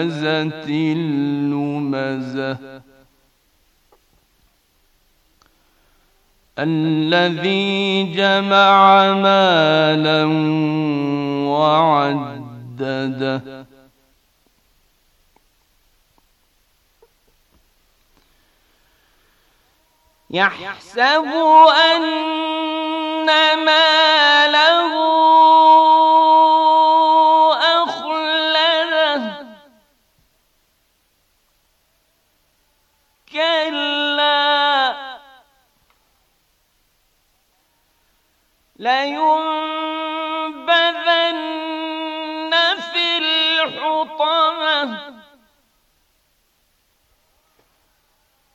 همزة لمزة الذي جمع مالا وعدده يحسب أن ماله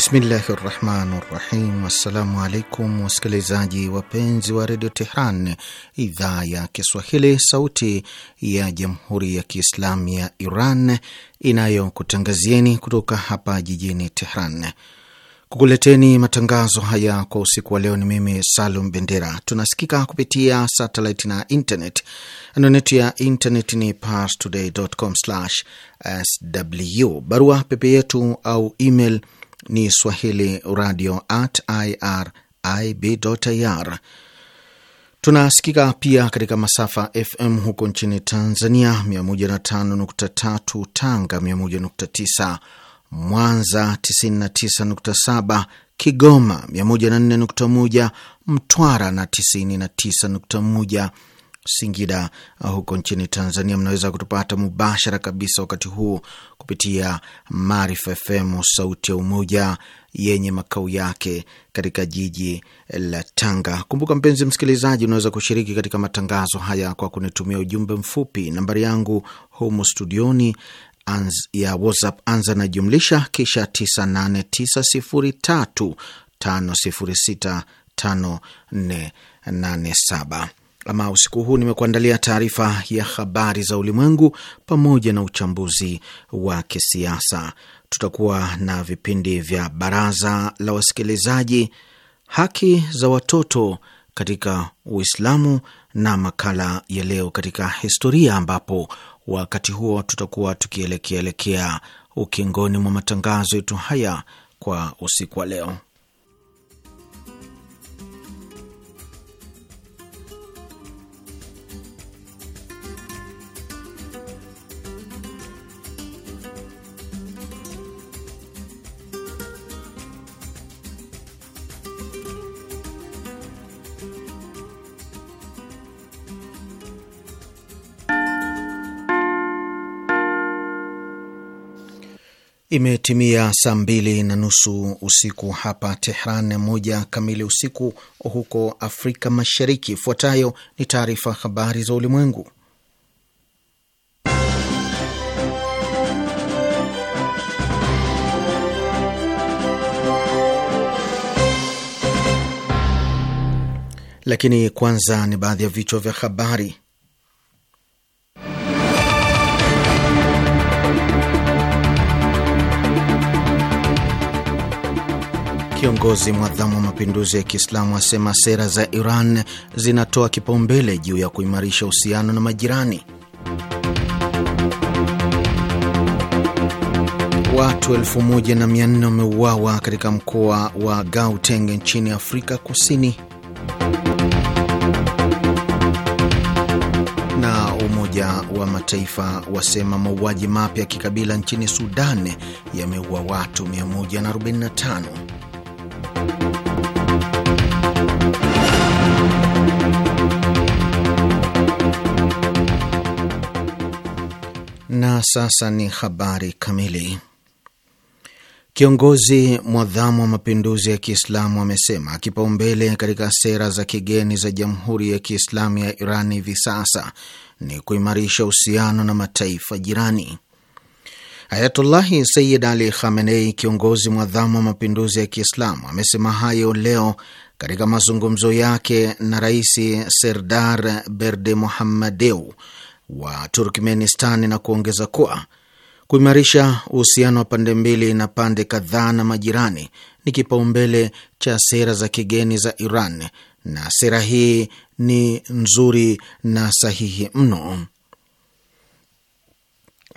Bismillahi rahmani rahim. Assalamu alaikum wasikilizaji wapenzi wa redio Tehran, idhaa ya Kiswahili, sauti ya jamhuri ya Kiislamu ya Iran inayokutangazieni kutoka hapa jijini Tehran kukuleteni matangazo haya kwa usiku wa leo. Ni mimi Salum Bendera. Tunasikika kupitia satellite na internet. Anwani ya internet ni parstoday.com/sw. Barua pepe yetu au email ni swahili radio at irib.ir. Tunasikika pia katika masafa FM huko nchini Tanzania, 105.3 Tanga, 101.9 Mwanza, 99.7 Kigoma, 104.1 Mtwara na 99.1 Singida. Huko nchini Tanzania mnaweza kutupata mubashara kabisa wakati huu kupitia Maarifa FM sauti ya umoja yenye makao yake katika jiji la Tanga. Kumbuka mpenzi msikilizaji, unaweza kushiriki katika matangazo haya kwa kunitumia ujumbe mfupi. Nambari yangu humo studioni anz, ya WhatsApp anza na jumlisha kisha 989035065487 kama usiku huu nimekuandalia taarifa ya habari za ulimwengu pamoja na uchambuzi wa kisiasa. Tutakuwa na vipindi vya baraza la wasikilizaji, haki za watoto katika Uislamu na makala ya leo katika historia, ambapo wakati huo tutakuwa tukielekeaelekea ukingoni mwa matangazo yetu haya kwa usiku wa leo. Imetimia saa mbili na nusu usiku hapa Tehran, moja kamili usiku huko Afrika Mashariki. Ifuatayo ni taarifa habari za ulimwengu, lakini kwanza ni baadhi ya vichwa vya habari. Kiongozi mwadhamu wa mapinduzi ya Kiislamu asema sera za Iran zinatoa kipaumbele juu ya kuimarisha uhusiano na majirani. Watu 1400 wameuawa katika mkoa wa Gauteng nchini Afrika Kusini. Na Umoja wa Mataifa wasema mauaji mapya ya kikabila nchini Sudan yameua watu 145. Na sasa ni habari kamili. Kiongozi mwadhamu wa mapinduzi ya Kiislamu amesema kipaumbele katika sera za kigeni za Jamhuri ya Kiislamu ya Iran hivi sasa ni kuimarisha uhusiano na mataifa jirani. Ayatullahi sayid Ali Khamenei, kiongozi mwadhamu wa mapinduzi ya Kiislamu, amesema hayo leo katika mazungumzo yake na Rais Serdar Berde Muhammadeu wa turkmenistan na kuongeza kuwa kuimarisha uhusiano wa pande mbili na pande kadhaa na majirani ni kipaumbele cha sera za kigeni za Iran na sera hii ni nzuri na sahihi mno.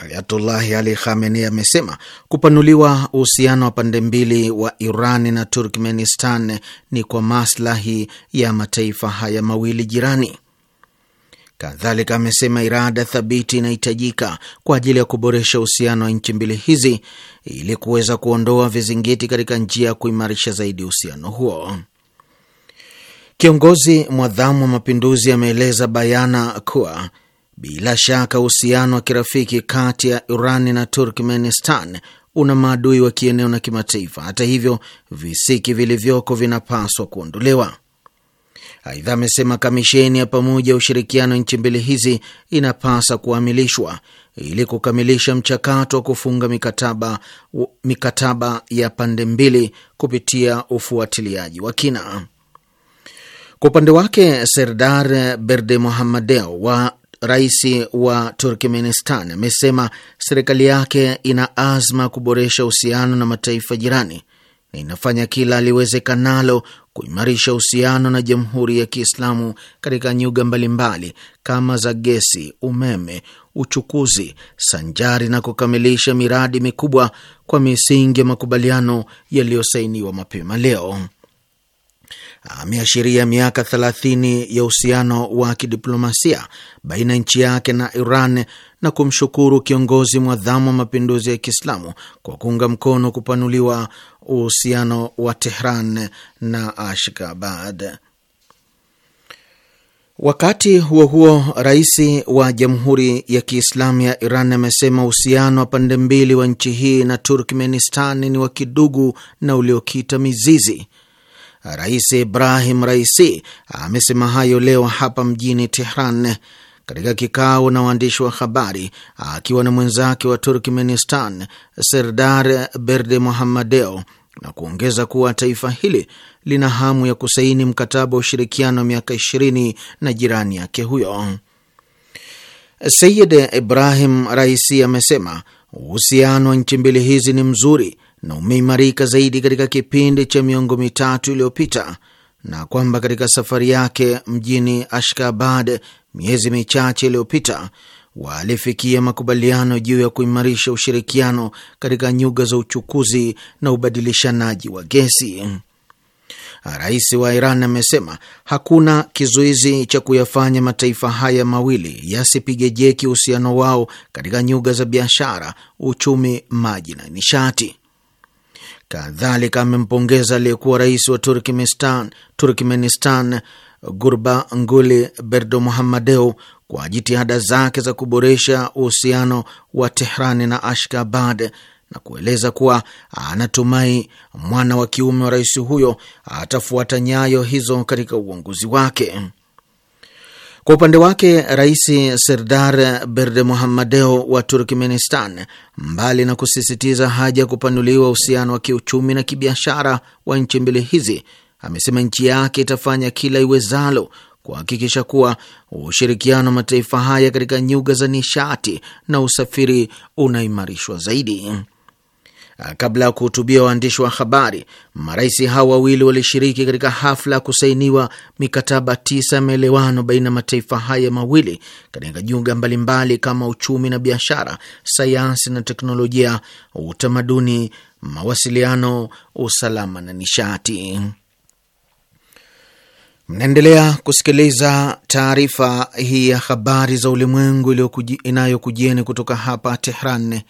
Ayatullahi Ali Khamenei amesema kupanuliwa uhusiano wa pande mbili wa Iran na Turkmenistan ni kwa maslahi ya mataifa haya mawili jirani. Kadhalika amesema irada thabiti inahitajika kwa ajili ya kuboresha uhusiano wa nchi mbili hizi ili kuweza kuondoa vizingiti katika njia ya kuimarisha zaidi uhusiano huo. Kiongozi mwadhamu wa mapinduzi ameeleza bayana kuwa bila shaka uhusiano wa kirafiki kati ya Iran na Turkmenistan una maadui wa kieneo na kimataifa. Hata hivyo, visiki vilivyoko vinapaswa kuondolewa. Aidha, amesema kamisheni ya pamoja ya ushirikiano nchi mbili hizi inapasa kuamilishwa ili kukamilisha mchakato wa kufunga mikataba, mikataba ya pande mbili kupitia ufuatiliaji wa kina. Kwa upande wake Serdar berde Berdimuhamedov wa Rais wa Turkmenistan amesema serikali yake ina azma kuboresha uhusiano na mataifa jirani na inafanya kila aliwezekanalo kuimarisha uhusiano na Jamhuri ya Kiislamu katika nyuga mbalimbali kama za gesi, umeme, uchukuzi, sanjari na kukamilisha miradi mikubwa kwa misingi ya makubaliano yaliyosainiwa mapema leo ameashiria miaka 30 ya uhusiano wa kidiplomasia baina ya nchi yake na Iran na kumshukuru kiongozi mwadhamu wa mapinduzi ya Kiislamu kwa kuunga mkono kupanuliwa uhusiano wa Tehran na Ashkabad. Wakati huo huo, rais wa Jamhuri ya Kiislamu ya Iran amesema uhusiano wa pande mbili wa nchi hii na Turkmenistan ni wa kidugu na uliokita mizizi Rais Ibrahim Raisi amesema hayo leo hapa mjini Tehran katika kikao na waandishi wa habari akiwa na mwenzake wa Turkmenistan Serdar Berde Mohammadeo na kuongeza kuwa taifa hili lina hamu ya kusaini mkataba wa ushirikiano wa miaka ishirini na jirani yake huyo. Sayid Ibrahim Raisi amesema uhusiano wa nchi mbili hizi ni mzuri na umeimarika zaidi katika kipindi cha miongo mitatu iliyopita na kwamba katika safari yake mjini Ashkabad miezi michache iliyopita walifikia makubaliano juu ya kuimarisha ushirikiano katika nyuga za uchukuzi na ubadilishanaji wa gesi. Rais wa Iran amesema hakuna kizuizi cha kuyafanya mataifa haya mawili yasipige jeki uhusiano wao katika nyuga za biashara, uchumi, maji na nishati. Kadhalika amempongeza aliyekuwa rais wa Turkmenistan, Turkmenistan Gurba Nguli Berdo Muhammadeu kwa jitihada zake za kuboresha uhusiano wa Tehrani na Ashkabad na kueleza kuwa anatumai mwana wa kiume wa rais huyo atafuata nyayo hizo katika uongozi wake. Kwa upande wake Rais Serdar Berdimuhammedov wa Turkmenistan, mbali na kusisitiza haja ya kupanuliwa uhusiano wa kiuchumi na kibiashara wa nchi mbili hizi, amesema nchi yake itafanya kila iwezalo kuhakikisha kuwa ushirikiano wa mataifa haya katika nyuga za nishati na usafiri unaimarishwa zaidi. Uh, kabla ya kuhutubia waandishi wa habari, marais hao wawili walishiriki katika hafla ya kusainiwa mikataba tisa ya maelewano baina ya mataifa haya mawili katika nyuga mbalimbali kama uchumi na biashara, sayansi na teknolojia, utamaduni, mawasiliano, usalama na nishati. Mnaendelea kusikiliza taarifa hii ya habari za ulimwengu inayokujieni kutoka hapa Tehran,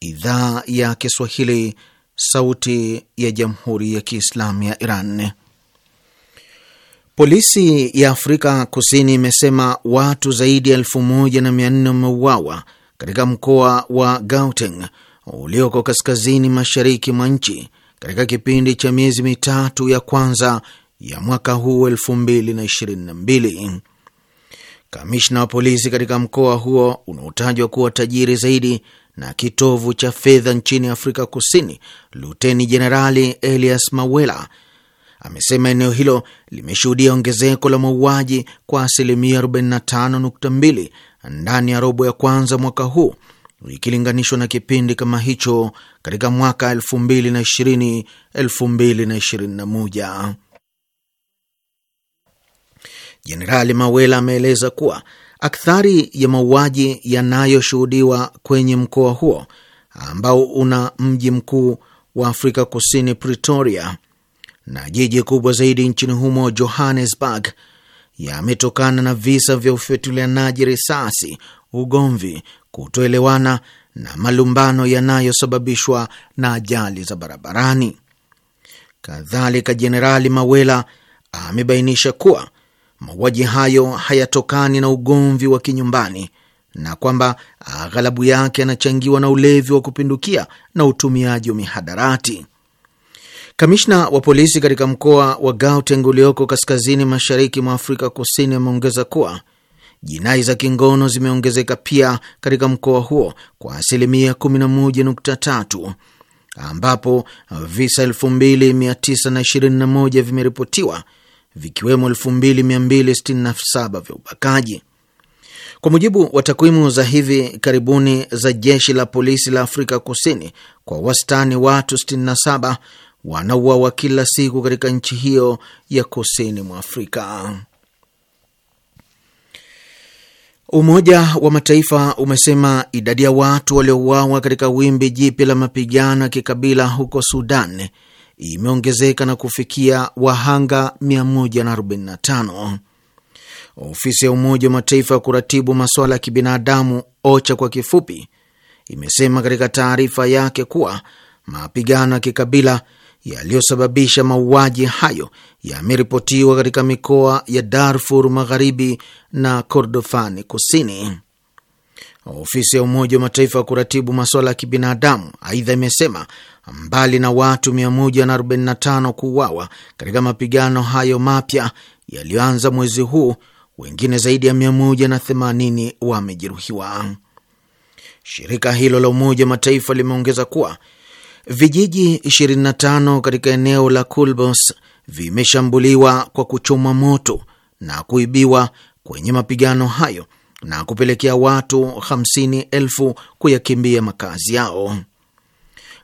idhaa ya Kiswahili, sauti ya jamhuri ya kiislamu ya Iran. Polisi ya Afrika Kusini imesema watu zaidi ya elfu moja na mia nne wameuawa katika mkoa wa Gauteng ulioko kaskazini mashariki mwa nchi katika kipindi cha miezi mitatu ya kwanza ya mwaka huu 222 Kamishna wa polisi katika mkoa huo unaotajwa kuwa tajiri zaidi na kitovu cha fedha nchini Afrika Kusini, Luteni Jenerali Elias Mawela amesema eneo hilo limeshuhudia ongezeko la mauaji kwa asilimia 45.2 ndani ya robo ya kwanza mwaka huu ikilinganishwa na kipindi kama hicho katika mwaka 2020 2021. Jenerali Mawela ameeleza kuwa Akthari ya mauaji yanayoshuhudiwa kwenye mkoa huo ambao una mji mkuu wa Afrika Kusini, Pretoria, na jiji kubwa zaidi nchini humo, Johannesburg, yametokana na visa vya ufyatulianaji risasi, ugomvi, kutoelewana na malumbano yanayosababishwa na ajali za barabarani. Kadhalika, Jenerali Mawela amebainisha kuwa mauaji hayo hayatokani na ugomvi wa kinyumbani na kwamba aghalabu yake yanachangiwa na ulevi wa kupindukia na utumiaji wa mihadarati. Kamishna wa polisi katika mkoa wa Gauteng ulioko kaskazini mashariki mwa Afrika Kusini ameongeza kuwa jinai za kingono zimeongezeka pia katika mkoa huo kwa asilimia 11.3 ambapo visa 2921 vimeripotiwa vikiwemo 2267 vya ubakaji. Kwa mujibu wa takwimu za hivi karibuni za jeshi la polisi la Afrika Kusini, kwa wastani watu 67 wanauawa kila siku katika nchi hiyo ya kusini mwa Afrika. Umoja wa Mataifa umesema idadi ya watu waliouawa katika wimbi jipya la mapigano ya kikabila huko Sudan imeongezeka na kufikia wahanga 145. Ofisi ya Umoja wa Mataifa ya kuratibu masuala ya kibinadamu OCHA kwa kifupi imesema katika taarifa yake kuwa mapigano ya kikabila yaliyosababisha mauaji hayo yameripotiwa katika mikoa ya Darfur magharibi na Kordofani kusini. Ofisi ya Umoja wa Mataifa ya kuratibu masuala ya kibinadamu aidha imesema mbali na watu 145 kuuawa katika mapigano hayo mapya yaliyoanza mwezi huu, wengine zaidi ya 180 wamejeruhiwa. Shirika hilo la Umoja wa Mataifa limeongeza kuwa vijiji 25 katika eneo la Kulbos vimeshambuliwa kwa kuchomwa moto na kuibiwa kwenye mapigano hayo na kupelekea watu hamsini kuyakimbia makazi yao.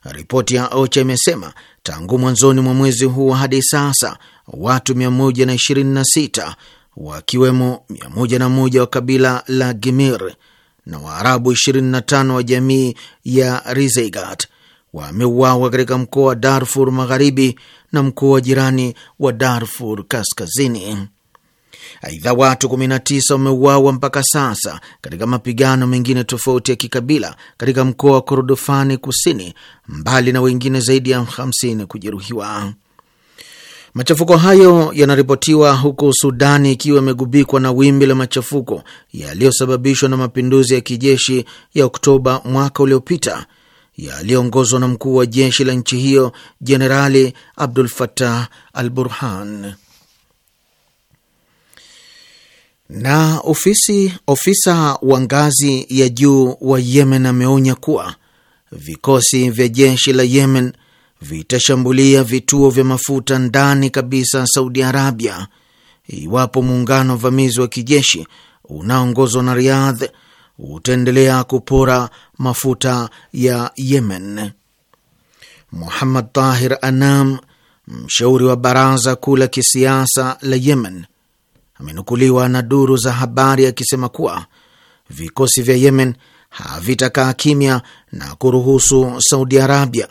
Ripoti ya OCHA imesema tangu mwanzoni mwa mwezi huu hadi sasa watu 126 wakiwemo 101 wa kabila la Gimir na Waarabu 25 wa jamii ya Rizegat wameuawa katika mkoa wa Darfur magharibi na mkoa wa jirani wa Darfur kaskazini. Aidha, watu 19 wameuawa mpaka sasa katika mapigano mengine tofauti ya kikabila katika mkoa wa Korodofani Kusini, mbali na wengine zaidi ya 50 kujeruhiwa. Machafuko hayo yanaripotiwa huku Sudani ikiwa imegubikwa na wimbi la machafuko yaliyosababishwa na mapinduzi ya kijeshi ya Oktoba mwaka uliopita yaliyoongozwa na mkuu wa jeshi la nchi hiyo Jenerali Abdul fatah al Burhan. Na ofisi ofisa wa ngazi ya juu wa Yemen ameonya kuwa vikosi vya jeshi la Yemen vitashambulia vituo vya mafuta ndani kabisa Saudi Arabia iwapo muungano wa vamizi wa kijeshi unaoongozwa na Riyadh utaendelea kupora mafuta ya Yemen. Muhammad Tahir Anam, mshauri wa baraza kuu la kisiasa la Yemen, amenukuliwa na duru za habari akisema kuwa vikosi vya Yemen havitakaa kimya na kuruhusu Saudi Arabia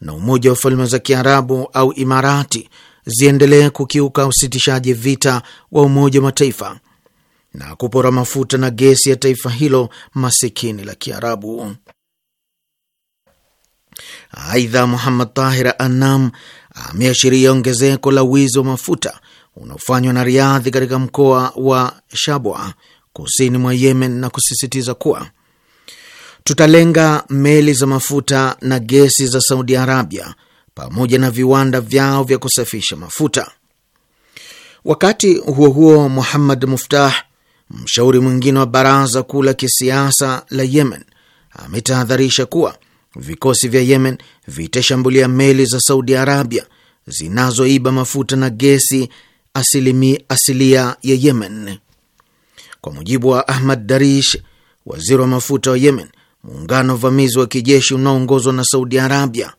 na Umoja wa Falme za Kiarabu au Imarati ziendelee kukiuka usitishaji vita wa Umoja wa Mataifa na kupora mafuta na gesi ya taifa hilo masikini la Kiarabu. Aidha, Muhammad Tahir anam ameashiria ongezeko la wizi wa mafuta unaofanywa na Riadhi katika mkoa wa Shabwa kusini mwa Yemen, na kusisitiza kuwa tutalenga meli za mafuta na gesi za Saudi Arabia pamoja na viwanda vyao vya kusafisha mafuta. Wakati huo huo, Muhammad Muftah, mshauri mwingine wa baraza kuu la kisiasa la Yemen, ametahadharisha kuwa vikosi vya Yemen vitashambulia meli za Saudi Arabia zinazoiba mafuta na gesi asilimi asilia ya Yemen. Kwa mujibu wa Ahmad Darish, waziri wa mafuta wa Yemen, muungano wa uvamizi wa kijeshi unaoongozwa na Saudi Arabia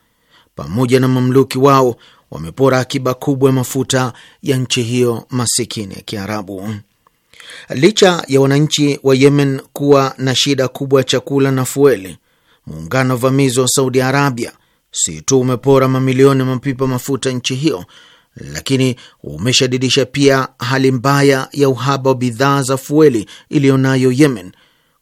pamoja na mamluki wao wamepora akiba kubwa ya mafuta ya nchi hiyo masikini ya Kiarabu. Licha ya wananchi wa Yemen kuwa na shida kubwa ya chakula na fueli, muungano wa uvamizi wa Saudi Arabia si tu umepora mamilioni ya mapipa mafuta nchi hiyo, lakini umeshadidisha pia hali mbaya ya uhaba wa bidhaa za fueli iliyo nayo Yemen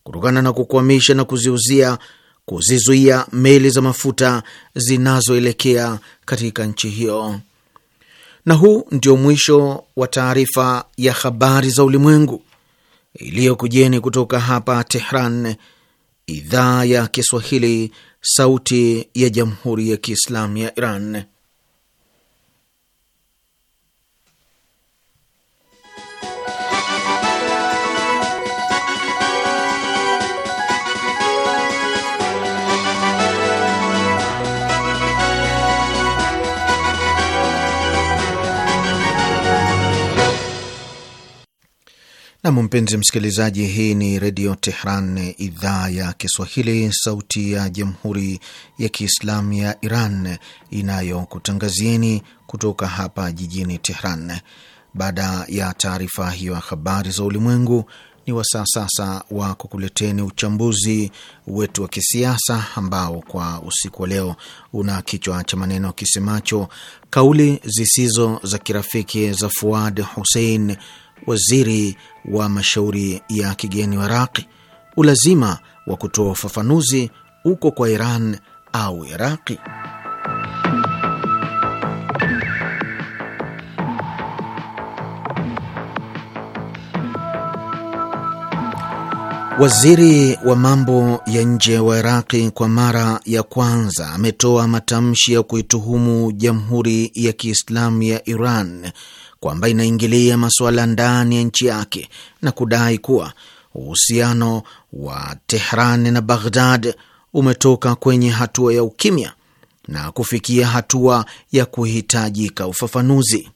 kutokana na kukwamisha na kuziuzia kuzizuia meli za mafuta zinazoelekea katika nchi hiyo. Na huu ndio mwisho wa taarifa ya habari za ulimwengu iliyokujeni kutoka hapa Tehran, idhaa ya Kiswahili, sauti ya jamhuri ya kiislamu ya Iran. Nam, mpenzi msikilizaji, hii ni Redio Tehran, idhaa ya Kiswahili, sauti ya Jamhuri ya Kiislamu ya Iran inayokutangazieni kutoka hapa jijini Tehran. Baada ya taarifa hiyo ya habari za ulimwengu, ni wasaa sasa wa kukuleteni uchambuzi wetu wa kisiasa ambao kwa usiku wa leo una kichwa cha maneno kisemacho kauli zisizo za kirafiki za Fuad Hussein waziri wa mashauri ya kigeni wa Iraqi. Ulazima wa kutoa ufafanuzi uko kwa Iran au Iraqi. Waziri wa mambo ya nje wa Iraqi kwa mara ya kwanza ametoa matamshi ya kuituhumu Jamhuri ya Kiislamu ya Iran kwamba inaingilia masuala ndani ya nchi yake na kudai kuwa uhusiano wa Tehran na Baghdad umetoka kwenye hatua ya ukimya na kufikia hatua ya kuhitajika ufafanuzi.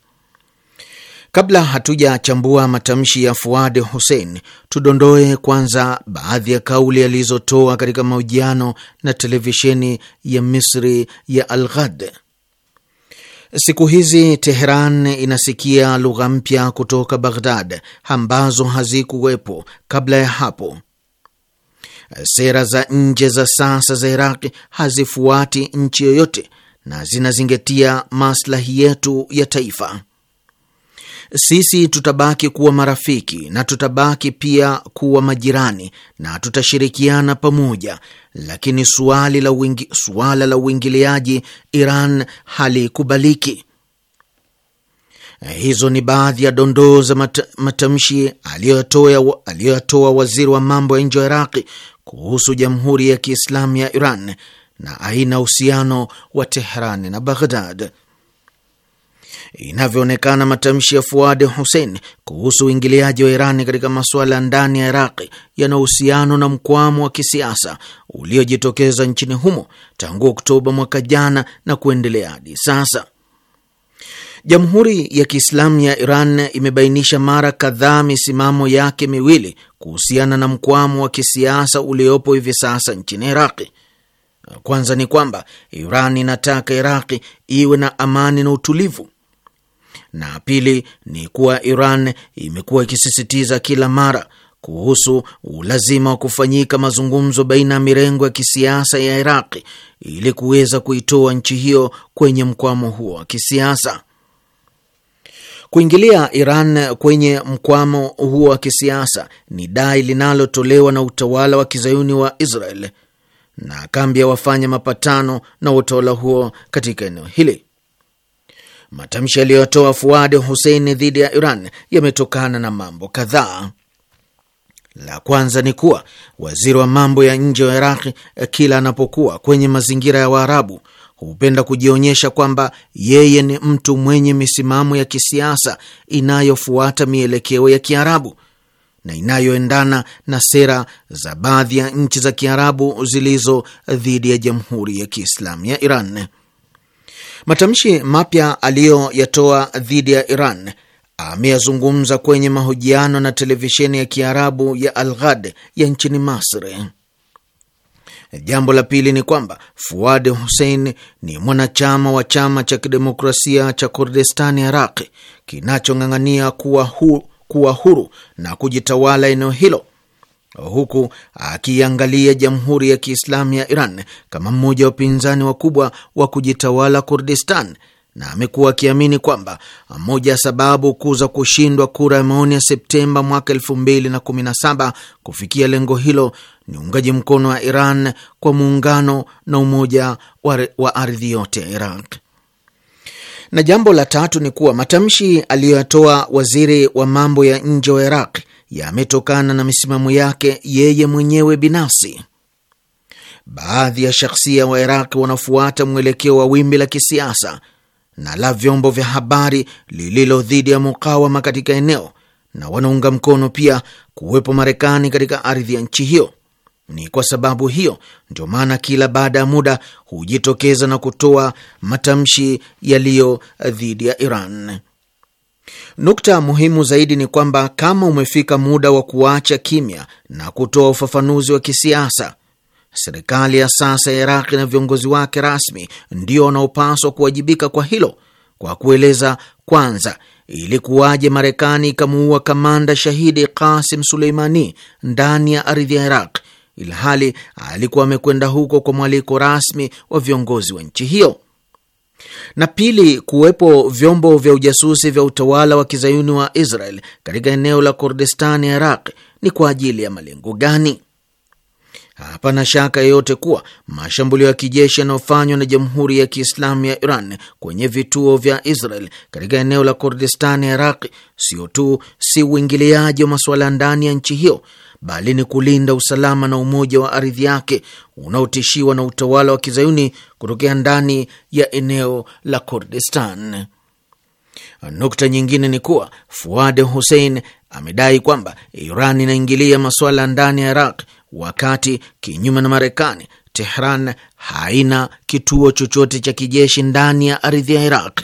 Kabla hatujachambua matamshi ya Fuad Hussein, tudondoe kwanza baadhi ya kauli alizotoa katika mahojiano na televisheni ya Misri ya Al Siku hizi Teheran inasikia lugha mpya kutoka Baghdad ambazo hazikuwepo kabla ya hapo. Sera za nje za sasa za Iraqi hazifuati nchi yoyote na zinazingatia maslahi yetu ya taifa. Sisi tutabaki kuwa marafiki na tutabaki pia kuwa majirani na tutashirikiana pamoja, lakini suala la wingi, suala la uingiliaji Iran halikubaliki. Hizo ni baadhi ya dondoo za mat, matamshi aliyoyatoa waziri wa mambo ya nje wa Iraqi kuhusu Jamhuri ya Kiislamu ya Iran na aina uhusiano wa tehran na Baghdad. Inavyoonekana, matamshi ya Fuad Hussein kuhusu uingiliaji wa Irani katika masuala ndani ya Iraqi yana uhusiano na mkwamo wa kisiasa uliojitokeza nchini humo tangu Oktoba mwaka jana na kuendelea hadi sasa. Jamhuri ya Kiislamu ya Iran imebainisha mara kadhaa misimamo yake miwili kuhusiana na mkwamo wa kisiasa uliopo hivi sasa nchini Iraqi. Kwanza ni kwamba Iran inataka Iraqi iwe na amani na utulivu na pili ni kuwa Iran imekuwa ikisisitiza kila mara kuhusu ulazima wa kufanyika mazungumzo baina ya mirengo ya kisiasa ya Iraqi ili kuweza kuitoa nchi hiyo kwenye mkwamo huo wa kisiasa. Kuingilia Iran kwenye mkwamo huo wa kisiasa ni dai linalotolewa na utawala wa kizayuni wa Israel na kambi ya wafanya mapatano na utawala huo katika eneo hili. Matamshi yaliyotoa Fuad Hussein dhidi ya Iran yametokana na mambo kadhaa. La kwanza ni kuwa waziri wa mambo ya nje wa Iraq eh, kila anapokuwa kwenye mazingira ya Waarabu hupenda kujionyesha kwamba yeye ni mtu mwenye misimamo ya kisiasa inayofuata mielekeo ya Kiarabu na inayoendana na sera za baadhi ya nchi za Kiarabu zilizo dhidi ya Jamhuri ya Kiislamu ya Iran. Matamshi mapya aliyoyatoa dhidi ya Iran ameyazungumza kwenye mahojiano na televisheni ya Kiarabu ya Alghad ya nchini Masri. Jambo la pili ni kwamba Fuad Hussein ni mwanachama wa chama cha kidemokrasia cha Kurdistani Iraqi kinachong'ang'ania kuwa, hu, kuwa huru na kujitawala eneo hilo huku akiangalia Jamhuri ya Kiislamu ya Iran kama mmoja wa upinzani wakubwa wa kujitawala Kurdistan, na amekuwa akiamini kwamba moja ya sababu kuu za kushindwa kura ya maoni ya Septemba mwaka elfu mbili na kumi na saba kufikia lengo hilo ni uungaji mkono wa Iran kwa muungano na umoja wa ardhi yote ya Iraq. Na jambo la tatu ni kuwa matamshi aliyoyatoa waziri wa mambo ya nje wa Iraq yametokana na misimamo yake yeye mwenyewe binafsi. Baadhi ya shakhsia wa Iraq wanafuata mwelekeo wa wimbi la kisiasa na la vyombo vya habari lililo dhidi ya mukawama katika eneo na wanaunga mkono pia kuwepo Marekani katika ardhi ya nchi hiyo. Ni kwa sababu hiyo ndio maana kila baada ya muda hujitokeza na kutoa matamshi yaliyo dhidi ya Iran. Nukta muhimu zaidi ni kwamba kama umefika muda wa kuacha kimya na kutoa ufafanuzi wa kisiasa, serikali ya sasa ya Iraqi na viongozi wake rasmi ndio wanaopaswa kuwajibika kwa hilo, kwa kueleza kwanza ilikuwaje Marekani ikamuua kamanda shahidi Qasim Suleimani ndani ya ardhi ya Iraq ilhali alikuwa amekwenda huko kwa mwaliko rasmi wa viongozi wa nchi hiyo. Na pili, kuwepo vyombo vya ujasusi vya utawala wa kizayuni wa Israel katika eneo la Kurdistani ya Iraq ni kwa ajili ya malengo gani? Hapana shaka yeyote kuwa mashambulio ya kijeshi yanayofanywa na Jamhuri ya Kiislamu ya Iran kwenye vituo vya Israel katika eneo la Kurdistani ya Iraq sio tu si uingiliaji wa masuala ndani ya nchi hiyo, bali ni kulinda usalama na umoja wa ardhi yake unaotishiwa na utawala wa kizayuni kutokea ndani ya eneo la Kurdistan. Nukta nyingine ni kuwa Fuad Hussein amedai kwamba Iran inaingilia masuala ndani ya Iraq, wakati kinyume na Marekani, Tehran haina kituo chochote cha kijeshi ndani ya ardhi ya Iraq.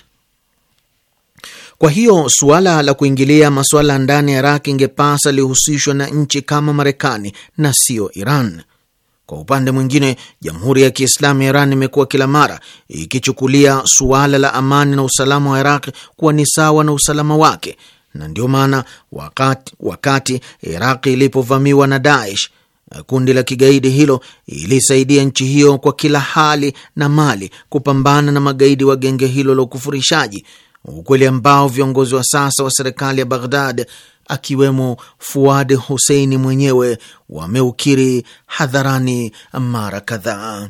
Kwa hiyo suala la kuingilia masuala ndani ya Iraq ingepasa lihusishwa na nchi kama Marekani na siyo Iran. Kwa upande mwingine, Jamhuri ya Kiislamu ya Iran imekuwa kila mara ikichukulia suala la amani na usalama wa Iraq kuwa ni sawa na usalama wake, na ndio maana wakati, wakati Iraq ilipovamiwa na Daesh, kundi la kigaidi hilo, ilisaidia nchi hiyo kwa kila hali na mali kupambana na magaidi wa genge hilo la ukufurishaji ukweli ambao viongozi wa sasa wa serikali ya Baghdad akiwemo Fuad Huseini mwenyewe wameukiri hadharani mara kadhaa.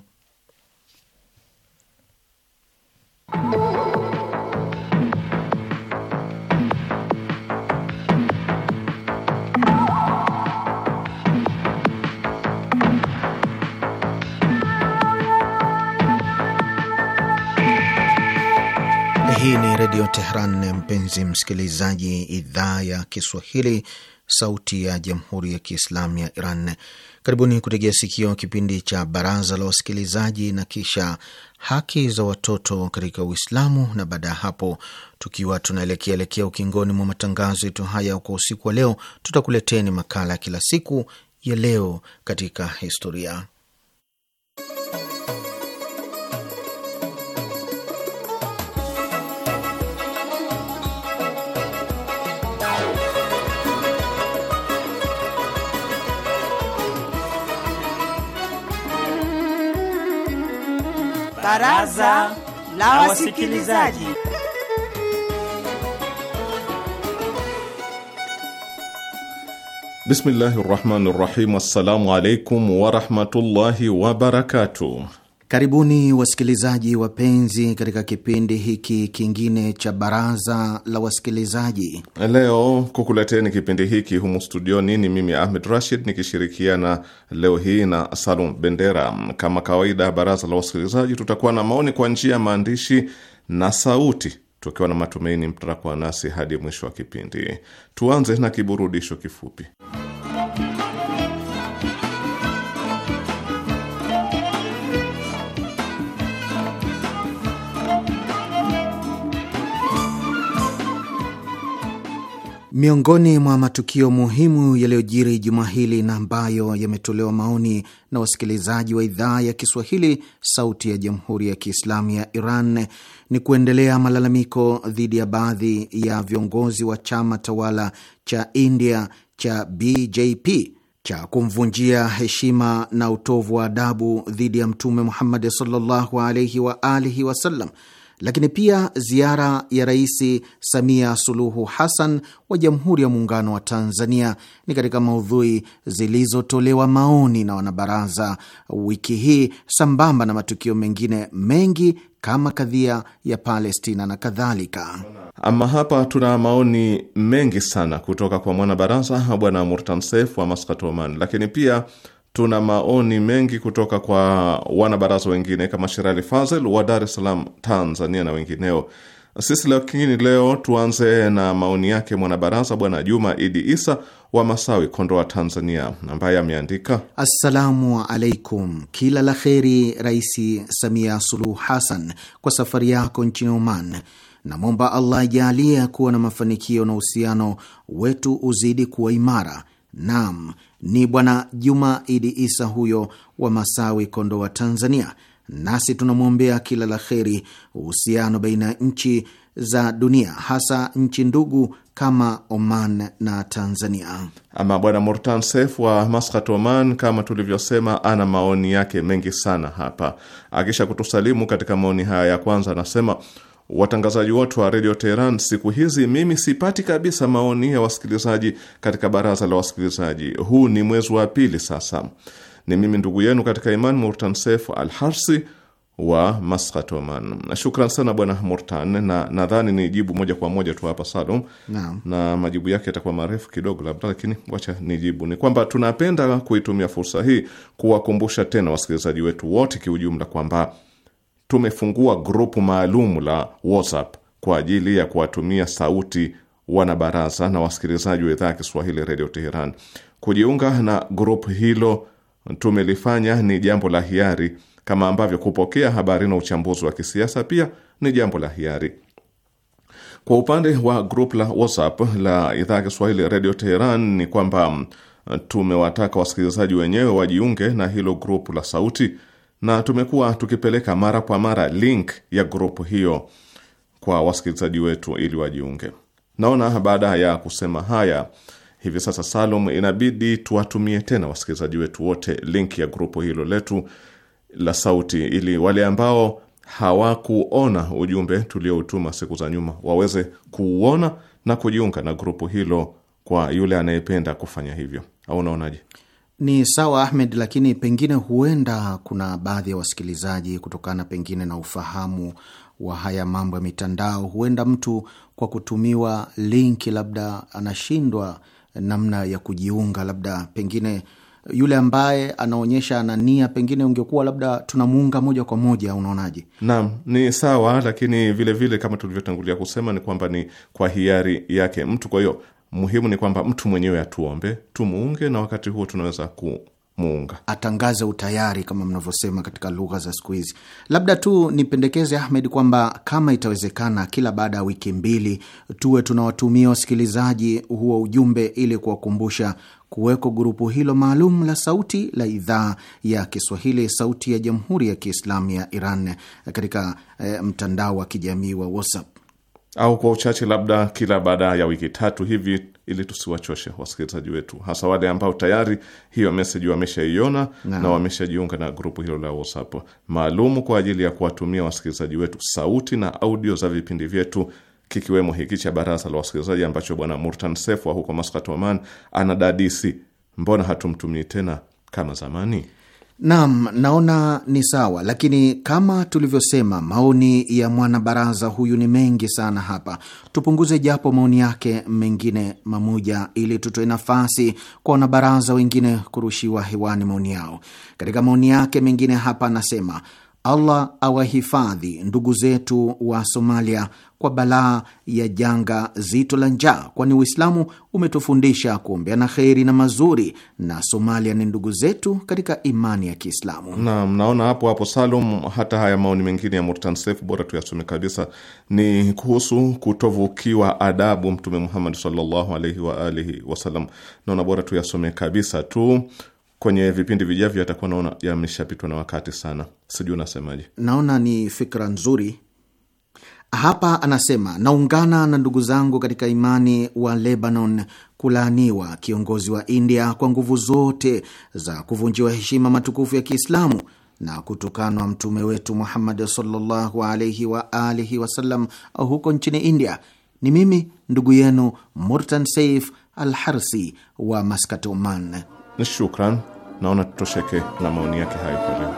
Redio Tehran. Mpenzi msikilizaji, idhaa ya Kiswahili, sauti ya jamhuri ya kiislamu ya Iran, karibuni kutegea sikio kipindi cha baraza la wasikilizaji na kisha haki za watoto katika Uislamu, na baada ya hapo, tukiwa tunaelekea elekea ukingoni mwa matangazo yetu haya kwa usiku wa leo, tutakuleteni makala ya kila siku ya leo katika historia Baraza la Wasikilizaji. Bismillahi rahmani rahim. Assalamu alaikum warahmatullahi wabarakatuh. Karibuni wasikilizaji wapenzi, katika kipindi hiki kingine cha baraza la wasikilizaji. Leo kukuleteni kipindi hiki humu studioni ni mimi Ahmed Rashid nikishirikiana leo hii na Salum Bendera. Kama kawaida ya baraza la wasikilizaji, tutakuwa na maoni kwa njia ya maandishi na sauti, tukiwa na matumaini mtakuwa nasi hadi mwisho wa kipindi. Tuanze na kiburudisho kifupi. Miongoni mwa matukio muhimu yaliyojiri juma hili na ambayo yametolewa maoni na wasikilizaji wa idhaa ya Kiswahili Sauti ya Jamhuri ya Kiislamu ya Iran ni kuendelea malalamiko dhidi ya baadhi ya viongozi wa chama tawala cha India cha BJP cha kumvunjia heshima na utovu wa adabu dhidi ya Mtume muhammadi sallallahu alaihi wa alihi wasallam lakini pia ziara ya Rais Samia Suluhu Hassan wa Jamhuri ya Muungano wa Tanzania ni katika maudhui zilizotolewa maoni na wanabaraza wiki hii, sambamba na matukio mengine mengi kama kadhia ya Palestina na kadhalika. Ama hapa tuna maoni mengi sana kutoka kwa mwanabaraza Bwana Murtamsef wa Maskat, Oman, lakini pia tuna maoni mengi kutoka kwa wanabaraza wengine kama Shirali Fazel wa Dar es Salaam, Tanzania na wengineo. Sisi lakini leo tuanze na maoni yake mwanabaraza Bwana Juma Idi Isa wa Masawi, Kondoa, Tanzania, ambaye ameandika: assalamu alaikum, kila la kheri Rais Samia Suluhu Hassan kwa safari yako nchini Oman. Namwomba Allah ajalie kuwa na mafanikio na uhusiano wetu uzidi kuwa imara. Naam, ni Bwana Juma Idi Isa huyo wa Masawi, Kondoa, Tanzania. Nasi tunamwombea kila la kheri uhusiano baina ya nchi za dunia, hasa nchi ndugu kama Oman na Tanzania. Ama bwana Mortan Sef wa Maskat, Oman, kama tulivyosema, ana maoni yake mengi sana hapa. Akisha kutusalimu katika maoni haya ya kwanza, anasema watangazaji wote wa redio Teheran siku hizi, mimi sipati kabisa maoni ya wasikilizaji katika baraza la wasikilizaji. Huu ni mwezi wa pili sasa. Ni mimi ndugu yenu katika iman, Murtan Sef Al Harsi wa Maskat, Oman. Shukran sana bwana Murtan, na nadhani ni jibu moja kwa moja tu hapa Salum na, na majibu yake yatakuwa marefu kidogo labda, lakini wacha jibu ni kwamba tunapenda kuitumia fursa hii kuwakumbusha tena wasikilizaji wetu wote kiujumla kwamba tumefungua grupu maalum la WhatsApp kwa ajili ya kuwatumia sauti wanabaraza na wasikilizaji wa idhaa ya Kiswahili Redio Teheran. Kujiunga na grupu hilo tumelifanya ni jambo la hiari, kama ambavyo kupokea habari na uchambuzi wa kisiasa pia ni jambo la hiari. Kwa upande wa grupu la WhatsApp la idhaa ya Kiswahili Redio Teheran ni kwamba tumewataka wasikilizaji wenyewe wajiunge na hilo grupu la sauti na tumekuwa tukipeleka mara kwa mara link ya grupu hiyo kwa wasikilizaji wetu ili wajiunge. Naona baada ya kusema haya hivi sasa, Salum, inabidi tuwatumie tena wasikilizaji wetu wote link ya grupu hilo letu la sauti, ili wale ambao hawakuona ujumbe tulioutuma siku za nyuma waweze kuuona na kujiunga na grupu hilo, kwa yule anayependa kufanya hivyo. Au unaonaje? Ni sawa Ahmed, lakini pengine huenda kuna baadhi ya wasikilizaji, kutokana pengine na ufahamu wa haya mambo ya mitandao, huenda mtu kwa kutumiwa linki labda anashindwa namna ya kujiunga, labda pengine yule ambaye anaonyesha ana nia, pengine ungekuwa labda tunamuunga moja kwa moja. Unaonaje? Naam, ni sawa, lakini vilevile vile, kama tulivyotangulia kusema ni kwamba ni kwa hiari yake mtu. Kwa hiyo Muhimu ni kwamba mtu mwenyewe atuombe, tumuunge, na wakati huo tunaweza kumuunga, atangaze utayari kama mnavyosema katika lugha za siku hizi. Labda tu nipendekeze Ahmed kwamba kama itawezekana, kila baada ya wiki mbili tuwe tunawatumia wasikilizaji huo ujumbe ili kuwakumbusha kuweko grupu hilo maalum la sauti la idhaa ya Kiswahili sauti ya jamhuri ya Kiislamu ya Iran katika e, mtandao wa kijamii wa WhatsApp au kwa uchache labda kila baada ya wiki tatu hivi, ili tusiwachoshe wasikilizaji wetu, hasa wale ambao tayari hiyo meseji wameshaiona na, na wameshajiunga na grupu hilo la WhatsApp maalumu kwa ajili ya kuwatumia wasikilizaji wetu sauti na audio za vipindi vyetu kikiwemo hiki cha baraza la wasikilizaji ambacho bwana Murtan Sefwa huko Maskat, Oman, anadadisi mbona hatumtumii tena kama zamani? Naam, naona ni sawa, lakini kama tulivyosema, maoni ya mwanabaraza huyu ni mengi sana hapa. Tupunguze japo maoni yake mengine mamoja, ili tutoe nafasi kwa wanabaraza wengine kurushiwa hewani maoni yao. Katika maoni yake mengine hapa anasema Allah awahifadhi ndugu zetu wa Somalia kwa balaa ya janga zito la njaa, kwani Uislamu umetufundisha kuombea na kheri na mazuri, na Somalia ni ndugu zetu katika imani ya Kiislamu. Na mnaona hapo hapo, Salum, hata haya maoni mengine ya Murtan Sef bora tuyasome kabisa, ni kuhusu kutovukiwa adabu Mtume Muhammad sallallahu alaihi wa alihi wasallam. Naona bora tuyasome kabisa tu kwenye vipindi vijavyo yatakuwa naona yameshapitwa na wakati sana. Sijui unasemaje? Naona ni fikra nzuri. Hapa anasema naungana na ndugu zangu katika imani wa Lebanon kulaaniwa kiongozi wa India kwa nguvu zote za kuvunjiwa heshima matukufu ya Kiislamu na kutukanwa mtume wetu Muhammad sallallahu alaihi wa alihi wasallam huko nchini India. Ni mimi ndugu yenu Murtan Saif Alharsi wa Maskat, Oman. Shukran naona tutosheke na maoni yake hayo kwa leo.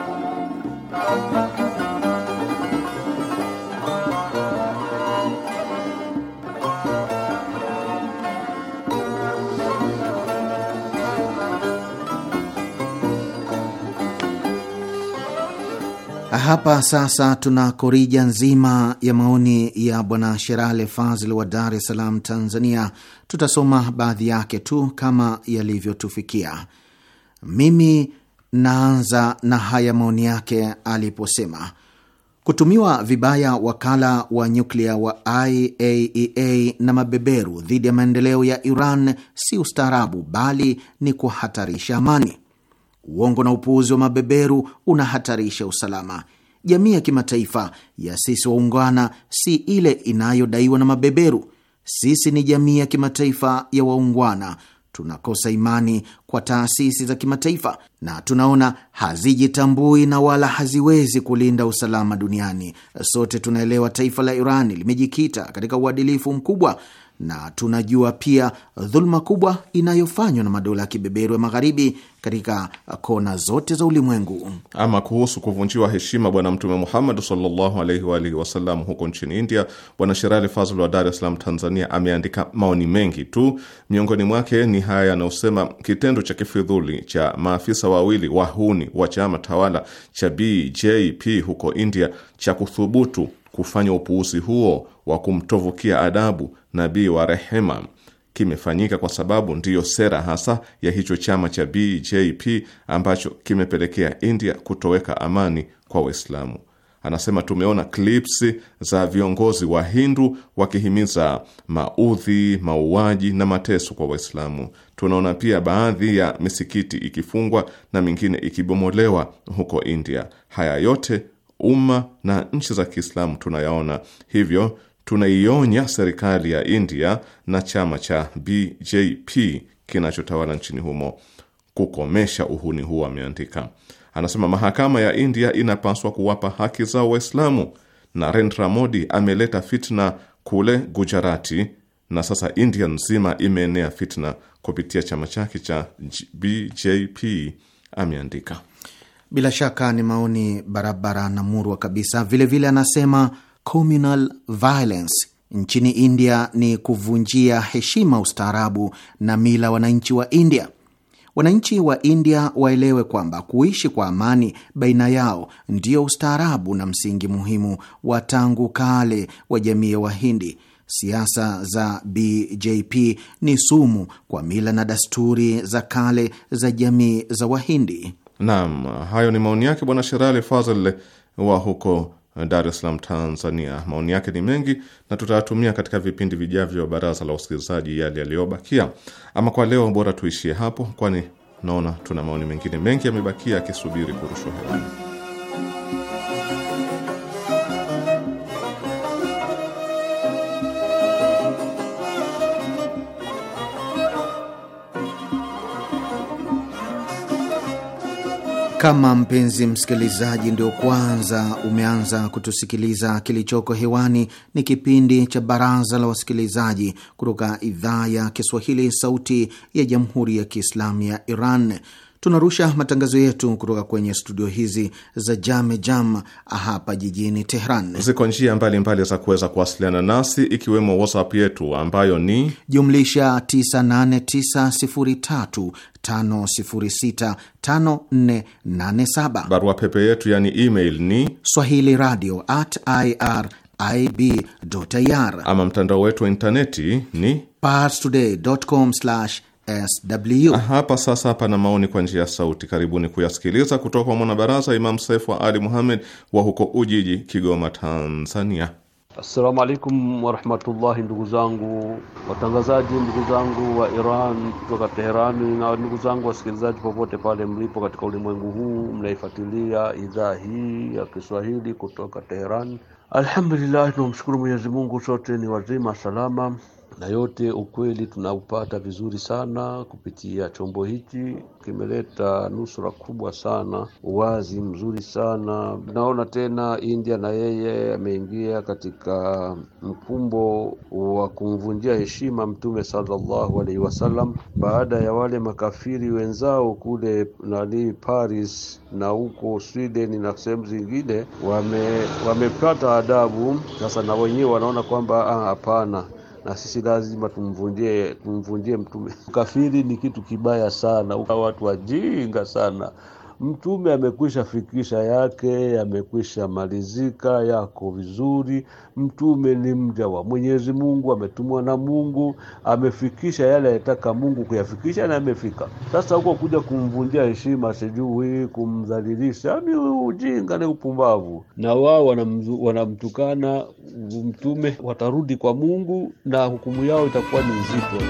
Hapa sasa tuna korija nzima ya maoni ya bwana Sherale Fazil wa Dar es Salaam, Tanzania. Tutasoma baadhi yake tu kama yalivyotufikia. Mimi naanza na haya maoni yake aliposema kutumiwa vibaya wakala wa nyuklia wa IAEA e na mabeberu dhidi ya maendeleo ya Iran si ustaarabu, bali ni kuhatarisha amani. Uongo na upuuzi wa mabeberu unahatarisha usalama. Jamii ya kimataifa ya sisi waungwana si ile inayodaiwa na mabeberu. Sisi ni jamii ya kimataifa ya waungwana tunakosa imani kwa taasisi za kimataifa na tunaona hazijitambui na wala haziwezi kulinda usalama duniani. Sote tunaelewa taifa la Iran limejikita katika uadilifu mkubwa na tunajua pia dhuluma kubwa inayofanywa na madola ya kibeberu ya Magharibi katika kona zote za ulimwengu. Ama kuhusu kuvunjiwa heshima Bwana Mtume Muhammad sallallahu alaihi wa alihi wasallam huko nchini India, Bwana Sherali Fazl wa Dar es Salaam, Tanzania, ameandika maoni mengi tu. Miongoni mwake ni haya yanayosema, kitendo cha kifidhuli cha maafisa wawili wahuni wa chama tawala cha BJP huko India cha kuthubutu kufanya upuuzi huo wa kumtovukia adabu nabii wa rehema kimefanyika kwa sababu ndiyo sera hasa ya hicho chama cha BJP ambacho kimepelekea India kutoweka amani kwa Waislamu. Anasema tumeona clips za viongozi wa Hindu wakihimiza maudhi, mauaji na mateso kwa Waislamu. Tunaona pia baadhi ya misikiti ikifungwa na mingine ikibomolewa huko India. Haya yote umma na nchi za Kiislamu tunayaona, hivyo tunaionya serikali ya India na chama cha BJP kinachotawala nchini humo kukomesha uhuni huu, ameandika. Anasema mahakama ya India inapaswa kuwapa haki zao Waislamu. Narendra Modi ameleta fitna kule Gujarati na sasa India nzima imeenea fitna kupitia chama chake cha BJP, ameandika. Bila shaka ni maoni barabara na murwa kabisa. Vilevile vile anasema communal violence nchini India ni kuvunjia heshima ustaarabu na mila wananchi wa India. Wananchi wa India waelewe kwamba kuishi kwa amani baina yao ndio ustaarabu na msingi muhimu wa tangu kale wa jamii ya Wahindi. Siasa za BJP ni sumu kwa mila na dasturi za kale za jamii za Wahindi. Naam, hayo ni maoni yake Bwana Sherali Fazl wa huko Dar es Salaam, Tanzania. Maoni yake ni mengi na tutayatumia katika vipindi vijavyo baraza la usikilizaji yale yaliyobakia. Ama kwa leo, bora tuishie hapo, kwani naona tuna maoni mengine mengi yamebakia yakisubiri kurushwa hewani. Kama mpenzi msikilizaji ndio kwanza umeanza kutusikiliza, kilichoko hewani ni kipindi cha Baraza la Wasikilizaji kutoka idhaa ya Kiswahili, Sauti ya Jamhuri ya Kiislamu ya Iran tunarusha matangazo yetu kutoka kwenye studio hizi za Jame Jam hapa jijini Tehran. Ziko njia mbalimbali za kuweza kuwasiliana nasi, ikiwemo WhatsApp yetu ambayo ni jumlisha 989035065487. Barua pepe yetu yani email ni swahili radio at ir Ama mtandao wetu wa intaneti ni parstoday.com SW. Hapa sasa pana maoni kwa njia ya sauti, karibuni kuyasikiliza kutoka kwa mwanabaraza Imam Seif wa Ali Muhammad wa huko Ujiji, Kigoma, Tanzania. Assalamu alaikum warahmatullahi, ndugu zangu watangazaji, ndugu zangu wa Iran kutoka Teherani, na ndugu zangu wasikilizaji popote pale mlipo katika ulimwengu huu mnaifuatilia idhaa hii ya Kiswahili kutoka Teherani. Alhamdulillah, tunamshukuru Mwenyezi Mungu, sote ni wazima salama na yote ukweli tunaupata vizuri sana kupitia chombo hiki. Kimeleta nusura kubwa sana, uwazi mzuri sana. Naona tena India na yeye ameingia katika mkumbo wa kumvunjia heshima Mtume sallallahu alaihi wasallam, baada ya wale makafiri wenzao kule nani Paris na huko Sweden na sehemu zingine wame, wamepata adabu sasa, na wenyewe wanaona kwamba ah, hapana ah, na sisi lazima tumvunjie tumvunjie mtume. Ukafiri ni kitu kibaya sana, watu wajinga sana. Mtume amekwisha fikisha yake, amekwisha malizika, yako vizuri. Mtume ni mja wa Mwenyezi Mungu, ametumwa na Mungu, amefikisha yale anayetaka Mungu kuyafikisha na amefika. Sasa huko kuja kumvunjia heshima, sijui kumdhalilisha, ni ujinga, ni upumbavu. Na wao wanamtukana Mtume, watarudi kwa Mungu na hukumu yao itakuwa ni nzito.